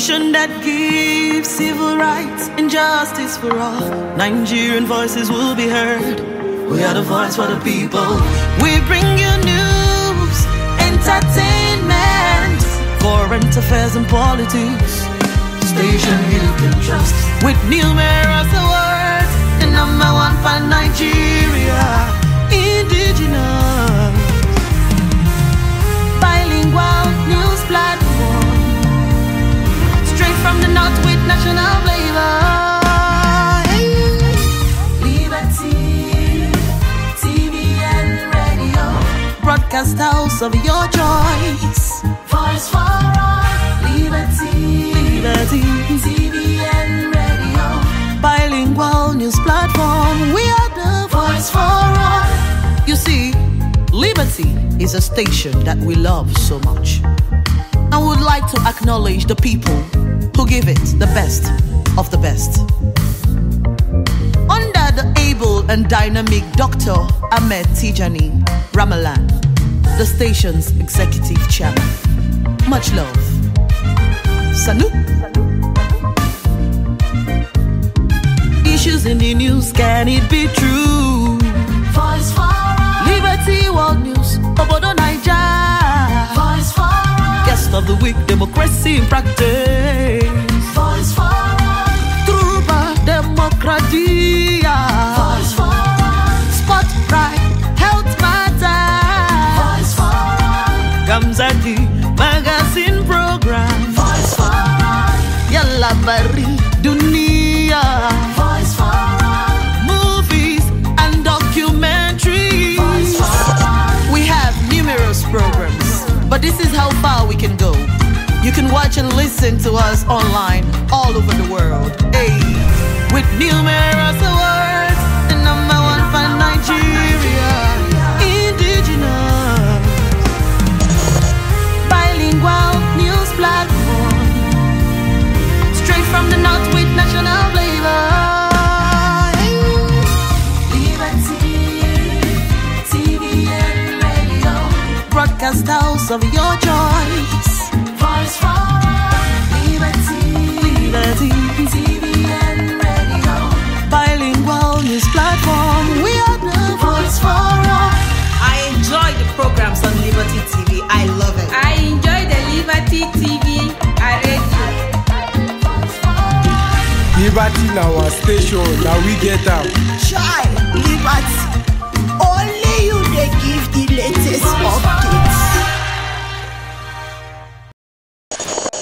nation that gives civil rights and justice for all. Nigerian voices will be heard. We are the voice for the people. We bring you news, entertainment, foreign affairs and politics. Station you can trust with numerous awards and a podcast house of your choice. Voice for all, liberty, liberty, TVN radio, bilingual news platform. We are the voice for all. You see, Liberty is a station that we love so much. I would like to acknowledge the people who give it the best of the best. Under the able and dynamic Dr. Ahmed Tijani Ramalan the station's executive chairman. Much love. Salut. Issues in the news, can it be true? Voice for us. Liberty World News, Obodo Niger. Voice for us. Guest of the week, democracy in practice. habari dunia Voice Forward. movies and documentaries Voice Forward. we have numerous programs but this is how far we can go you can watch and listen to us online all over the world hey, with numerous awards of your choice. Voice for liberty, liberty, radio, bilingual news platform. We are the voice for all. I enjoy the programs on Liberty TV. liberty in our station na we get am. chai liberty.